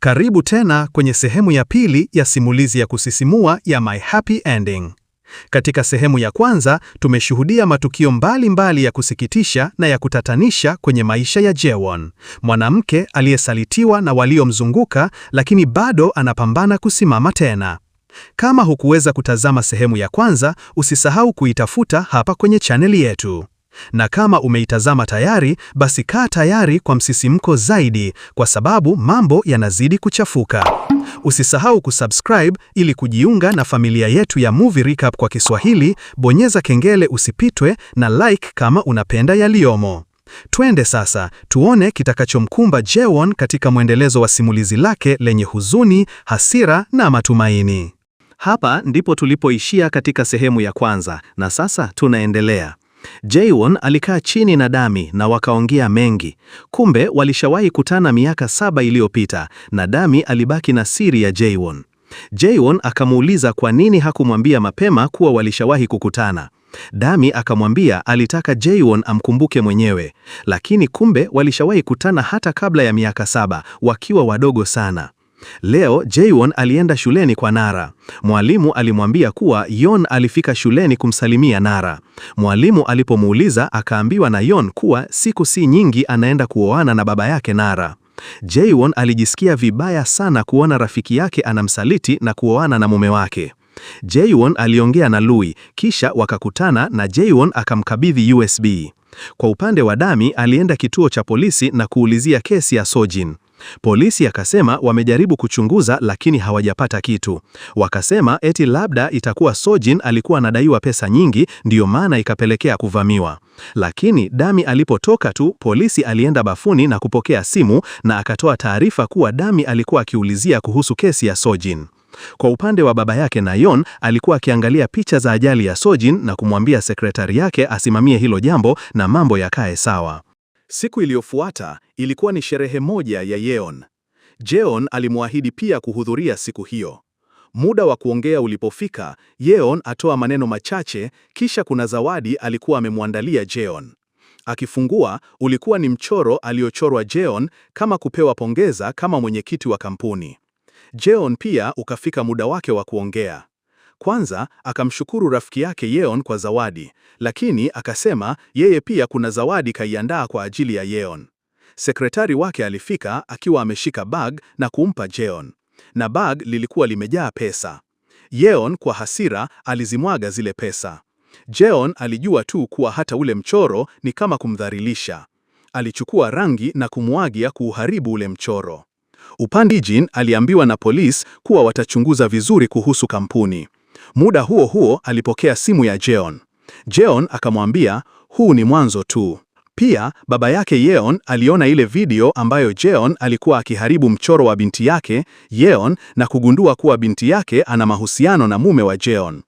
Karibu tena kwenye sehemu ya pili ya simulizi ya kusisimua ya My Happy Ending. Katika sehemu ya kwanza tumeshuhudia matukio mbalimbali mbali ya kusikitisha na ya kutatanisha kwenye maisha ya Jaewon, mwanamke aliyesalitiwa na waliomzunguka, lakini bado anapambana kusimama tena. Kama hukuweza kutazama sehemu ya kwanza, usisahau kuitafuta hapa kwenye chaneli yetu na kama umeitazama tayari, basi kaa tayari kwa msisimko zaidi, kwa sababu mambo yanazidi kuchafuka. Usisahau kusubscribe ili kujiunga na familia yetu ya Movie Recap kwa Kiswahili, bonyeza kengele usipitwe na like kama unapenda yaliyomo. Twende sasa tuone kitakachomkumba Jaewon katika mwendelezo wa simulizi lake lenye huzuni, hasira na matumaini. Hapa ndipo tulipoishia katika sehemu ya kwanza na sasa tunaendelea. Jaywon alikaa chini na Dami na wakaongea mengi. Kumbe walishawahi kutana miaka saba iliyopita na Dami alibaki na siri ya Jaywon. Jaywon akamuuliza kwa nini hakumwambia mapema kuwa walishawahi kukutana. Dami akamwambia alitaka Jaywon amkumbuke mwenyewe, lakini kumbe walishawahi kutana hata kabla ya miaka saba wakiwa wadogo sana. Leo Jaywon alienda shuleni kwa Nara. Mwalimu alimwambia kuwa Yon alifika shuleni kumsalimia Nara. Mwalimu alipomuuliza akaambiwa na Yon kuwa siku si nyingi anaenda kuoana na baba yake Nara. Jaywon alijisikia vibaya sana kuona rafiki yake anamsaliti na kuoana na mume wake. Jaywon aliongea na Lui kisha wakakutana na Jaywon akamkabidhi USB. Kwa upande wa Dami alienda kituo cha polisi na kuulizia kesi ya Sojin. Polisi akasema wamejaribu kuchunguza lakini hawajapata kitu. Wakasema eti labda itakuwa Sojin alikuwa anadaiwa pesa nyingi ndiyo maana ikapelekea kuvamiwa. Lakini Dami alipotoka tu, polisi alienda bafuni na kupokea simu na akatoa taarifa kuwa Dami alikuwa akiulizia kuhusu kesi ya Sojin. Kwa upande wa baba yake Nayon alikuwa akiangalia picha za ajali ya Sojin na kumwambia sekretari yake asimamie hilo jambo na mambo yakae sawa. Siku iliyofuata ilikuwa ni sherehe moja ya Yeon. Jeon alimwahidi pia kuhudhuria siku hiyo. Muda wa kuongea ulipofika, Yeon atoa maneno machache, kisha kuna zawadi alikuwa amemwandalia Jeon. Akifungua, ulikuwa ni mchoro aliochorwa Jeon kama kupewa pongeza kama mwenyekiti wa kampuni. Jeon pia ukafika muda wake wa kuongea. Kwanza akamshukuru rafiki yake Yeon kwa zawadi, lakini akasema yeye pia kuna zawadi kaiandaa kwa ajili ya Yeon. Sekretari wake alifika akiwa ameshika bag na kumpa Jeon, na bag lilikuwa limejaa pesa. Yeon kwa hasira alizimwaga zile pesa. Jeon alijua tu kuwa hata ule mchoro ni kama kumdhalilisha. Alichukua rangi na kumwagia kuuharibu ule mchoro. Upandijin aliambiwa na polisi kuwa watachunguza vizuri kuhusu kampuni. Muda huo huo alipokea simu ya Jeon. Jeon akamwambia, huu ni mwanzo tu. Pia baba yake Yeon aliona ile video ambayo Jeon alikuwa akiharibu mchoro wa binti yake Yeon na kugundua kuwa binti yake ana mahusiano na mume wa Jeon.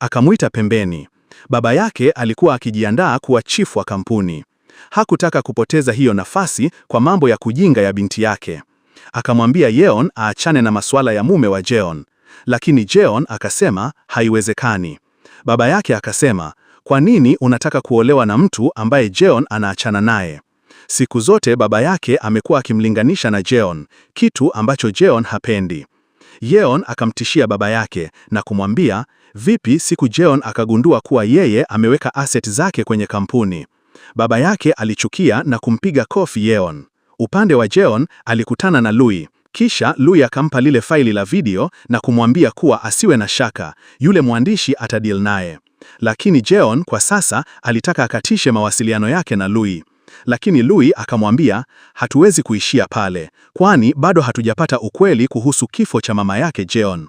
Akamwita pembeni. Baba yake alikuwa akijiandaa kuwa chifu wa kampuni. Hakutaka kupoteza hiyo nafasi kwa mambo ya kujinga ya binti yake. Akamwambia Yeon aachane na masuala ya mume wa Jeon, lakini Jeon akasema haiwezekani. Baba yake akasema kwa nini unataka kuolewa na mtu ambaye Jeon anaachana naye? Siku zote baba yake amekuwa akimlinganisha na Jeon, kitu ambacho Jeon hapendi. Yeon akamtishia baba yake na kumwambia, vipi siku Jeon akagundua kuwa yeye ameweka asset zake kwenye kampuni. Baba yake alichukia na kumpiga kofi Yeon. Upande wa Jeon alikutana na Lui, kisha Lui akampa lile faili la video na kumwambia kuwa asiwe na shaka, yule mwandishi atadeal naye. Lakini Jeon kwa sasa alitaka akatishe mawasiliano yake na lui Lakini lui akamwambia, hatuwezi kuishia pale, kwani bado hatujapata ukweli kuhusu kifo cha mama yake Jeon.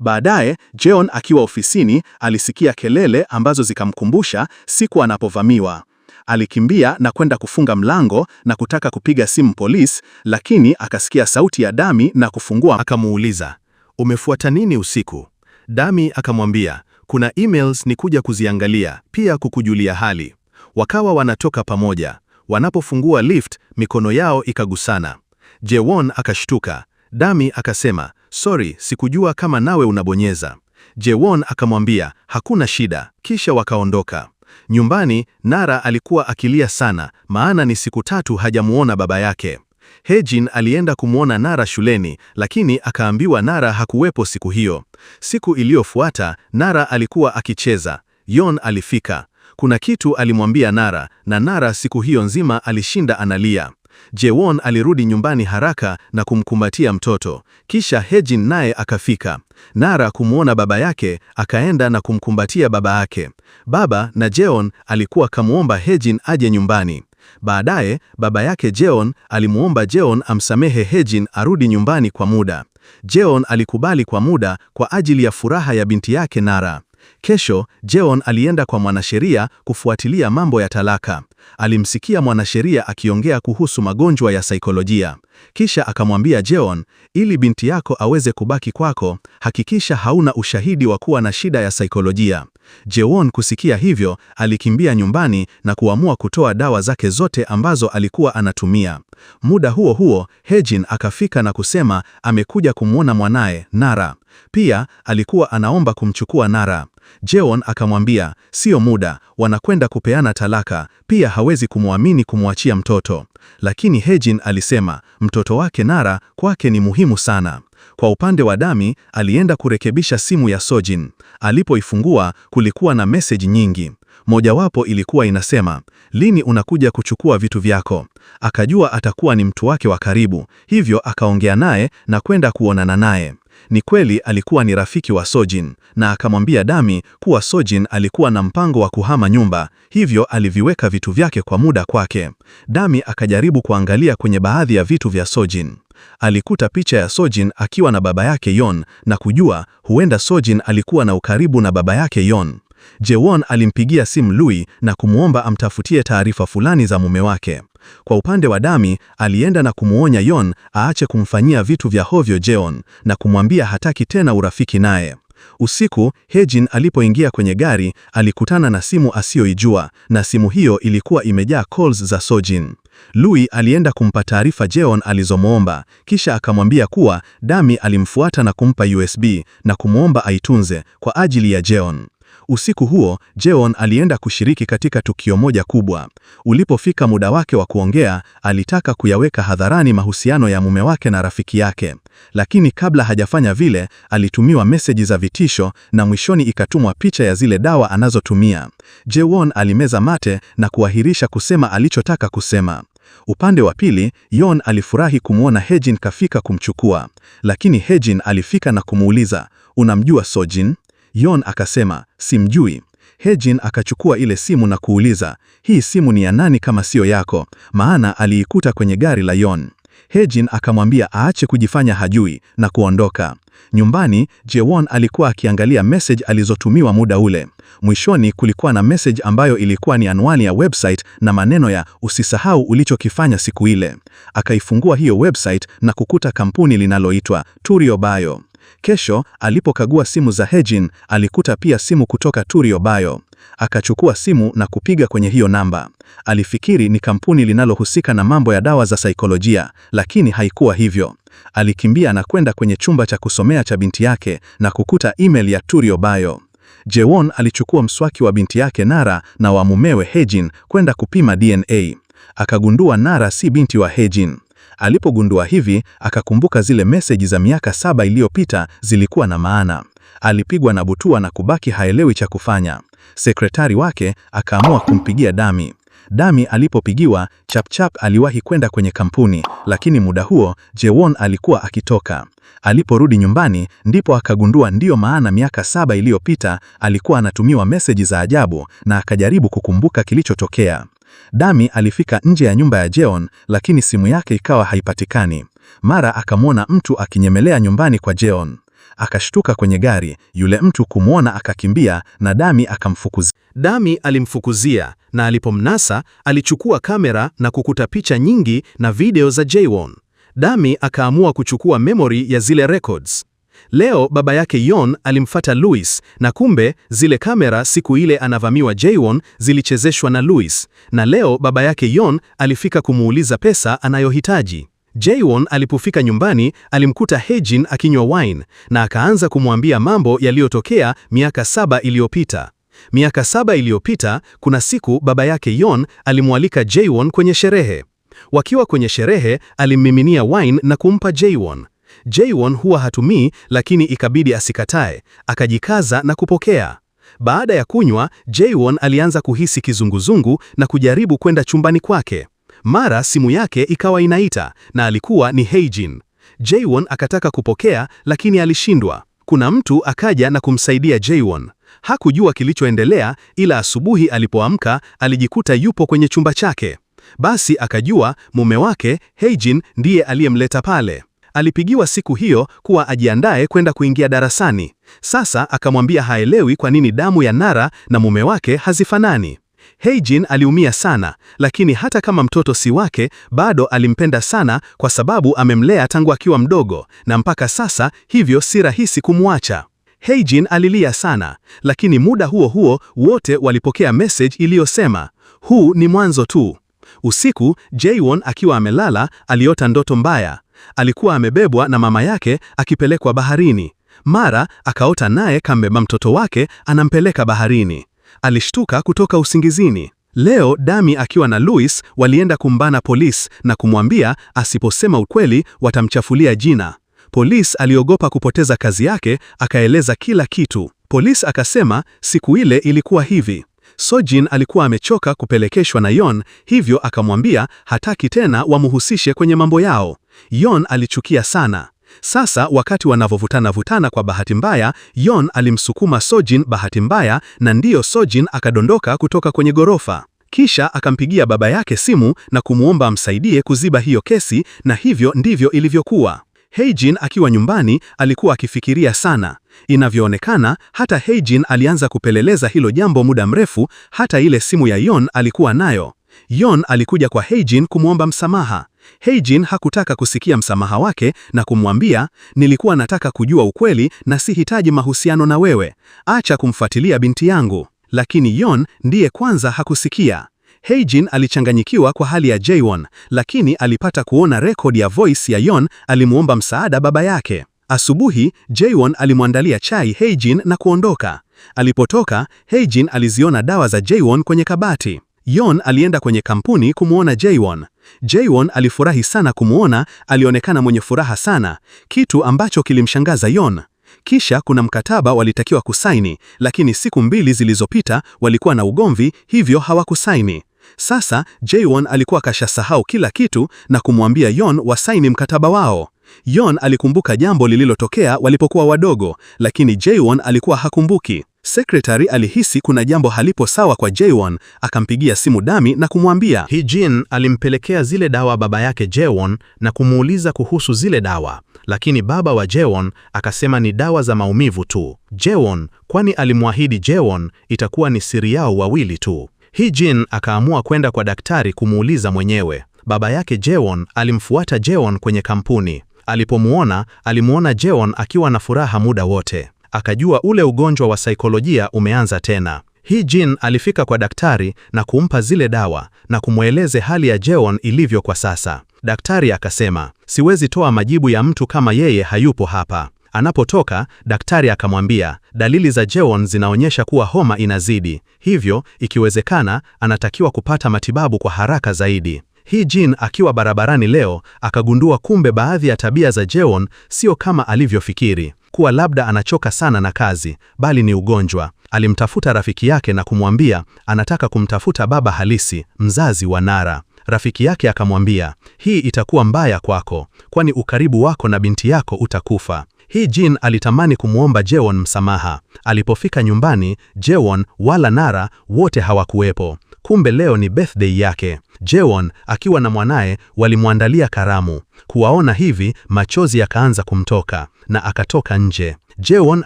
Baadaye Jeon akiwa ofisini alisikia kelele ambazo zikamkumbusha siku anapovamiwa. Alikimbia na kwenda kufunga mlango na kutaka kupiga simu polisi, lakini akasikia sauti ya Dami na kufungua. Akamuuliza, umefuata nini usiku? Dami akamwambia, kuna emails ni kuja kuziangalia, pia kukujulia hali. Wakawa wanatoka pamoja. Wanapofungua lift, mikono yao ikagusana. Jewon akashtuka. Dami akasema, sorry, sikujua kama nawe unabonyeza. Jewon akamwambia, hakuna shida, kisha wakaondoka. Nyumbani Nara alikuwa akilia sana, maana ni siku tatu hajamuona baba yake. Hejin alienda kumwona Nara shuleni, lakini akaambiwa Nara hakuwepo siku hiyo. Siku iliyofuata Nara alikuwa akicheza. Yon alifika. Kuna kitu alimwambia Nara na Nara siku hiyo nzima alishinda analia. Jewon alirudi nyumbani haraka na kumkumbatia mtoto. Kisha Hejin naye akafika. Nara kumwona baba yake akaenda na kumkumbatia baba yake. Baba na Jeon alikuwa kamwomba Hejin aje nyumbani. Baadaye baba yake Jeon alimwomba Jeon amsamehe Hejin arudi nyumbani kwa muda. Jeon alikubali kwa muda kwa ajili ya furaha ya binti yake Nara. Kesho Jeon alienda kwa mwanasheria kufuatilia mambo ya talaka. Alimsikia mwanasheria akiongea kuhusu magonjwa ya saikolojia, kisha akamwambia Jeon, ili binti yako aweze kubaki kwako, hakikisha hauna ushahidi wa kuwa na shida ya saikolojia jeon kusikia hivyo, alikimbia nyumbani na kuamua kutoa dawa zake zote ambazo alikuwa anatumia. Muda huo huo, Hejin akafika na kusema amekuja kumwona mwanaye Nara. Pia alikuwa anaomba kumchukua Nara. Jeon akamwambia sio muda, wanakwenda kupeana talaka, pia hawezi kumwamini kumwachia mtoto. Lakini Hejin alisema mtoto wake Nara kwake ni muhimu sana. Kwa upande wa Dami, alienda kurekebisha simu ya Sojin. Alipoifungua kulikuwa na meseji nyingi. Mojawapo ilikuwa inasema, lini unakuja kuchukua vitu vyako? Akajua atakuwa ni mtu wake wa karibu, hivyo akaongea naye na kwenda kuonana naye. Ni kweli alikuwa ni rafiki wa Sojin, na akamwambia Dami kuwa Sojin alikuwa na mpango wa kuhama nyumba, hivyo aliviweka vitu vyake kwa muda kwake. Dami akajaribu kuangalia kwenye baadhi ya vitu vya Sojin. Alikuta picha ya Sojin akiwa na baba yake Yon na kujua huenda Sojin alikuwa na ukaribu na baba yake Yon. Jewon alimpigia simu Lui na kumwomba amtafutie taarifa fulani za mume wake. Kwa upande wa Dami, alienda na kumwonya Yon aache kumfanyia vitu vya hovyo Jeon na kumwambia hataki tena urafiki naye. Usiku, Hejin alipoingia kwenye gari, alikutana na simu asiyoijua na simu hiyo ilikuwa imejaa calls za Sojin. Lui alienda kumpa taarifa Jeon alizomwomba, kisha akamwambia kuwa Dami alimfuata na kumpa USB na kumwomba aitunze kwa ajili ya Jeon. Usiku huo Jeon alienda kushiriki katika tukio moja kubwa. Ulipofika muda wake wa kuongea, alitaka kuyaweka hadharani mahusiano ya mume wake na rafiki yake, lakini kabla hajafanya vile, alitumiwa meseji za vitisho na mwishoni ikatumwa picha ya zile dawa anazotumia. Jeon alimeza mate na kuahirisha kusema alichotaka kusema. Upande wa pili, Yon alifurahi kumwona Hejin kafika kumchukua, lakini Hejin alifika na kumuuliza, unamjua Sojin? Yon akasema simjui. Hejin akachukua ile simu na kuuliza, hii simu ni ya nani kama siyo yako? Maana aliikuta kwenye gari la Yon. Hejin akamwambia aache kujifanya hajui na kuondoka. Nyumbani, Jewon alikuwa akiangalia message alizotumiwa muda ule. Mwishoni kulikuwa na message ambayo ilikuwa ni anwani ya website na maneno ya usisahau ulichokifanya siku ile. Akaifungua hiyo website na kukuta kampuni linaloitwa Turio Bio. Kesho alipokagua simu za Hejin, alikuta pia simu kutoka Turio Bio. Akachukua simu na kupiga kwenye hiyo namba. Alifikiri ni kampuni linalohusika na mambo ya dawa za saikolojia, lakini haikuwa hivyo. Alikimbia na kwenda kwenye chumba cha kusomea cha binti yake na kukuta email ya Turio Bio. Jewon alichukua mswaki wa binti yake Nara na wa mumewe Hejin kwenda kupima DNA. Akagundua Nara si binti wa Hejin. Alipogundua hivi, akakumbuka zile meseji za miaka saba iliyopita zilikuwa na maana. Alipigwa na butua na kubaki haelewi cha kufanya. Sekretari wake akaamua kumpigia Dami. Dami alipopigiwa, Chapchap aliwahi kwenda kwenye kampuni, lakini muda huo Jewon alikuwa akitoka. Aliporudi nyumbani ndipo akagundua ndiyo maana miaka saba iliyopita alikuwa anatumiwa meseji za ajabu na akajaribu kukumbuka kilichotokea. Dami alifika nje ya nyumba ya Jeon, lakini simu yake ikawa haipatikani. Mara akamwona mtu akinyemelea nyumbani kwa Jeon. Akashtuka kwenye gari, yule mtu kumwona akakimbia na Dami akamfukuzia. Dami alimfukuzia na alipomnasa alichukua kamera na kukuta picha nyingi na video za Jeon. Dami akaamua kuchukua memory ya zile records. Leo baba yake Yon alimfata Louis na kumbe zile kamera siku ile anavamiwa Jaywon zilichezeshwa na Louis, na leo baba yake Yon alifika kumuuliza pesa anayohitaji. Jaywon alipofika nyumbani alimkuta Hejin akinywa wine na akaanza kumwambia mambo yaliyotokea miaka saba iliyopita. Miaka saba iliyopita kuna siku baba yake Yon alimwalika Jaywon kwenye sherehe. Wakiwa kwenye sherehe, alimmiminia wine na kumpa Jaywon. Jaywon huwa hatumii, lakini ikabidi asikatae, akajikaza na kupokea. Baada ya kunywa, Jaywon alianza kuhisi kizunguzungu na kujaribu kwenda chumbani kwake. Mara simu yake ikawa inaita na alikuwa ni Heijin. Jaywon akataka kupokea lakini alishindwa. Kuna mtu akaja na kumsaidia Jaywon. Hakujua kilichoendelea ila asubuhi alipoamka alijikuta yupo kwenye chumba chake. Basi akajua mume wake Heijin ndiye aliyemleta pale. Alipigiwa siku hiyo kuwa ajiandae kwenda kuingia darasani. Sasa akamwambia haelewi kwa nini damu ya Nara na mume wake hazifanani. Heijin aliumia sana, lakini hata kama mtoto si wake, bado alimpenda sana kwa sababu amemlea tangu akiwa mdogo na mpaka sasa, hivyo si rahisi kumwacha. Heijin alilia sana, lakini muda huo huo wote walipokea message iliyosema, huu ni mwanzo tu. Usiku, Jaewon akiwa amelala, aliota ndoto mbaya. Alikuwa amebebwa na mama yake akipelekwa baharini. Mara akaota naye kambeba mtoto wake anampeleka baharini. Alishtuka kutoka usingizini. Leo Dami akiwa na Louis walienda kumbana polisi na kumwambia asiposema ukweli watamchafulia jina. Polisi aliogopa kupoteza kazi yake, akaeleza kila kitu. Polisi akasema siku ile ilikuwa hivi. Sojin alikuwa amechoka kupelekeshwa na Yon, hivyo akamwambia hataki tena wamhusishe kwenye mambo yao. Yon alichukia sana. Sasa wakati wanavovutana vutana kwa bahati mbaya, Yon alimsukuma Sojin bahati mbaya na ndiyo Sojin akadondoka kutoka kwenye ghorofa Kisha akampigia baba yake simu na kumwomba amsaidie kuziba hiyo kesi na hivyo ndivyo ilivyokuwa. Heijin akiwa nyumbani alikuwa akifikiria sana. Inavyoonekana hata Heijin alianza kupeleleza hilo jambo muda mrefu, hata ile simu ya Yon alikuwa nayo. Yon alikuja kwa Heijin kumwomba msamaha. Heijin hakutaka kusikia msamaha wake na kumwambia, nilikuwa nataka kujua ukweli na sihitaji mahusiano na wewe, acha kumfuatilia binti yangu. Lakini Yon ndiye kwanza hakusikia. Heijin alichanganyikiwa kwa hali ya Jaewon, lakini alipata kuona rekodi ya voice ya Yeon alimuomba msaada baba yake. Asubuhi, Jaewon alimwandalia chai Heijin na kuondoka. Alipotoka, Heijin aliziona dawa za Jaewon kwenye kabati. Yeon alienda kwenye kampuni kumuona Jaewon. Jaewon alifurahi sana kumuona, alionekana mwenye furaha sana, kitu ambacho kilimshangaza Yeon. Kisha kuna mkataba walitakiwa kusaini, lakini siku mbili zilizopita walikuwa na ugomvi, hivyo hawakusaini. Sasa Jaewon alikuwa kashasahau kila kitu na kumwambia Yeon wasaini mkataba wao. Yeon alikumbuka jambo lililotokea walipokuwa wadogo, lakini Jaewon alikuwa hakumbuki. Sekretari alihisi kuna jambo halipo sawa kwa Jaewon, akampigia simu Dami na kumwambia. Hijin alimpelekea zile dawa baba yake Jaewon na kumuuliza kuhusu zile dawa, lakini baba wa Jaewon akasema ni dawa za maumivu tu. Jaewon kwani alimwahidi Jaewon itakuwa ni siri yao wawili tu. Hee Jin akaamua kwenda kwa daktari kumuuliza mwenyewe. Baba yake jeon alimfuata jeon kwenye kampuni. Alipomuona, alimuona jeon akiwa na furaha muda wote. Akajua ule ugonjwa wa saikolojia umeanza tena. Hee Jin alifika kwa daktari na kumpa zile dawa na kumweleze hali ya jeon ilivyo kwa sasa. Daktari akasema, siwezi toa majibu ya mtu kama yeye hayupo hapa. Anapotoka, daktari akamwambia dalili za Jeon zinaonyesha kuwa homa inazidi, hivyo ikiwezekana anatakiwa kupata matibabu kwa haraka zaidi. Hee Jin akiwa barabarani leo akagundua kumbe baadhi ya tabia za Jeon sio kama alivyofikiri, kuwa labda anachoka sana na kazi, bali ni ugonjwa. Alimtafuta rafiki yake na kumwambia anataka kumtafuta baba halisi, mzazi wa Nara. Rafiki yake akamwambia, hii itakuwa mbaya kwako, kwani ukaribu wako na binti yako utakufa. Hii Jin alitamani kumwomba Jewon msamaha. Alipofika nyumbani, Jewon wala Nara wote hawakuwepo. Kumbe leo ni birthday yake. Jewon akiwa na mwanaye walimwandalia karamu. Kuwaona hivi, machozi yakaanza kumtoka na akatoka nje. Jewon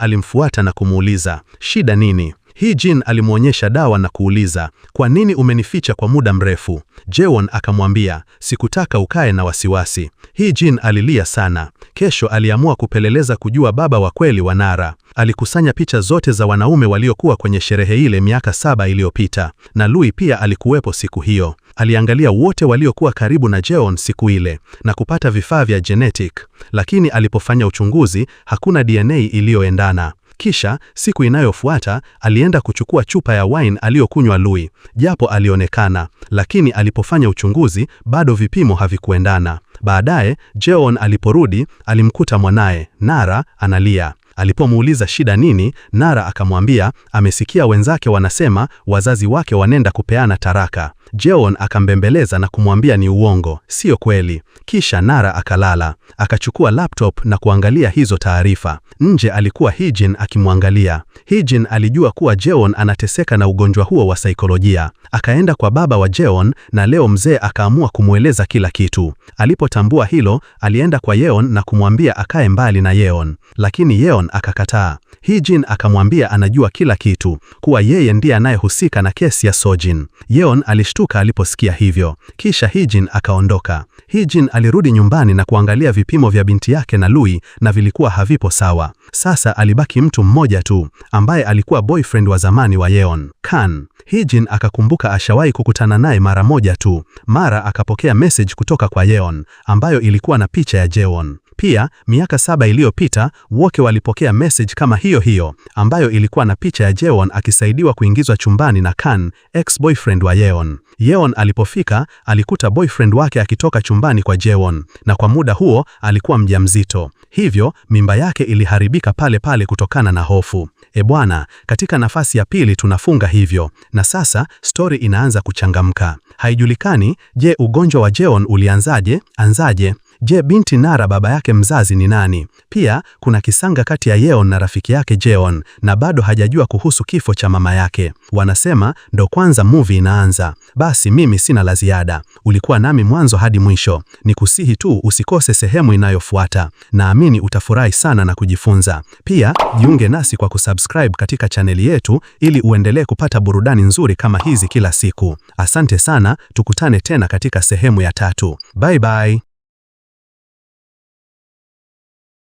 alimfuata na kumuuliza, "Shida nini?" Hii Jin alimwonyesha dawa na kuuliza, kwa nini umenificha kwa muda mrefu? Jaewon akamwambia, sikutaka ukae na wasiwasi. Hii Jin alilia sana. Kesho aliamua kupeleleza kujua baba wa kweli wa Nara. Alikusanya picha zote za wanaume waliokuwa kwenye sherehe ile miaka saba iliyopita, na Lui pia alikuwepo siku hiyo. Aliangalia wote waliokuwa karibu na Jaewon siku ile na kupata vifaa vya genetic, lakini alipofanya uchunguzi hakuna DNA iliyoendana. Kisha siku inayofuata alienda kuchukua chupa ya wine aliyokunywa Lui, japo alionekana, lakini alipofanya uchunguzi bado vipimo havikuendana. Baadaye Jeon aliporudi alimkuta mwanaye Nara analia. Alipomuuliza shida nini, Nara akamwambia amesikia wenzake wanasema wazazi wake wanenda kupeana taraka. Jeon akambembeleza na kumwambia ni uongo, sio kweli. Kisha Nara akalala, akachukua laptop na kuangalia hizo taarifa. Nje alikuwa Hijin akimwangalia. Hijin alijua kuwa Jeon anateseka na ugonjwa huo wa saikolojia. Akaenda kwa baba wa Jeon na leo mzee akaamua kumweleza kila kitu. Alipotambua hilo, alienda kwa Yeon na kumwambia akae mbali na Yeon, lakini Yeon akakataa. Hijin akamwambia anajua kila kitu, kuwa yeye ndiye anayehusika na kesi ya Sojin. Yeon alishtuka alishtuka aliposikia hivyo. Kisha Hijin akaondoka. Hijin alirudi nyumbani na kuangalia vipimo vya binti yake na Lui na vilikuwa havipo sawa. Sasa alibaki mtu mmoja tu ambaye alikuwa boyfriend wa zamani wa Yeon, Kan. Hijin akakumbuka ashawahi kukutana naye mara moja tu. Mara akapokea message kutoka kwa Yeon ambayo ilikuwa na picha ya Jeon. Pia miaka saba iliyopita woke walipokea message kama hiyo hiyo ambayo ilikuwa na picha ya Jeon akisaidiwa kuingizwa chumbani na Kan, ex-boyfriend wa Yeon. Yeon alipofika alikuta boyfriend wake akitoka chumbani kwa Jeon, na kwa muda huo alikuwa mjamzito, hivyo mimba yake iliharibika pale pale kutokana na hofu. E bwana, katika nafasi ya pili tunafunga hivyo, na sasa stori inaanza kuchangamka. Haijulikani, je, ugonjwa wa Jeon ulianzaje? Anzaje? Je, binti Nara baba yake mzazi ni nani? Pia kuna kisanga kati ya Yeon na rafiki yake Jeon, na bado hajajua kuhusu kifo cha mama yake. Wanasema ndo kwanza movie inaanza. Basi mimi sina la ziada. Ulikuwa nami mwanzo hadi mwisho. ni kusihi tu usikose sehemu inayofuata. Naamini utafurahi sana na kujifunza. Pia jiunge nasi kwa kusubscribe katika chaneli yetu ili uendelee kupata burudani nzuri kama hizi kila siku. Asante sana, tukutane tena katika sehemu ya tatu. Bye bye.